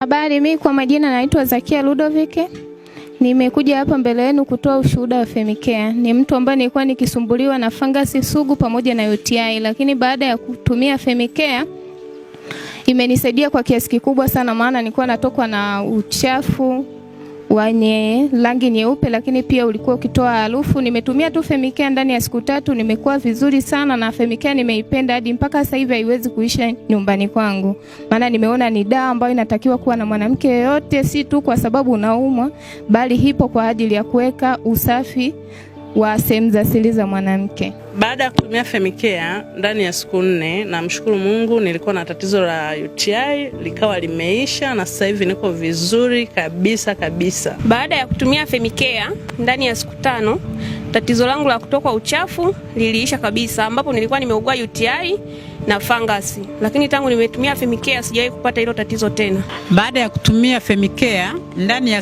Habari, mimi kwa majina naitwa Zakia Ludovike. Nimekuja hapa mbele yenu kutoa ushuhuda wa Femicare. Ni mtu ambaye nilikuwa nikisumbuliwa na fangasi sugu pamoja na UTI, lakini baada ya kutumia Femicare imenisaidia kwa kiasi kikubwa sana, maana nilikuwa natokwa na uchafu wenye rangi nyeupe, lakini pia ulikuwa ukitoa harufu. Nimetumia tu femikea ndani ya siku tatu, nimekuwa vizuri sana na femikea nimeipenda hadi mpaka sasa hivi, haiwezi kuisha nyumbani kwangu, maana nimeona ni dawa ambayo inatakiwa kuwa na mwanamke yoyote, si tu kwa sababu unaumwa, bali hipo kwa ajili ya kuweka usafi wa sehemu za siri za mwanamke. Baada ya kutumia Femicare ndani ya siku nne, namshukuru Mungu, nilikuwa na tatizo la UTI likawa limeisha na sasa hivi niko vizuri kabisa kabisa. Baada ya kutumia Femicare ndani ya siku tano, tatizo langu la kutokwa uchafu liliisha kabisa, ambapo nilikuwa nimeugua UTI na fangasi, lakini tangu nimetumia Femicare sijawahi kupata hilo tatizo tena. Baada ya kutumia Femicare ndani ya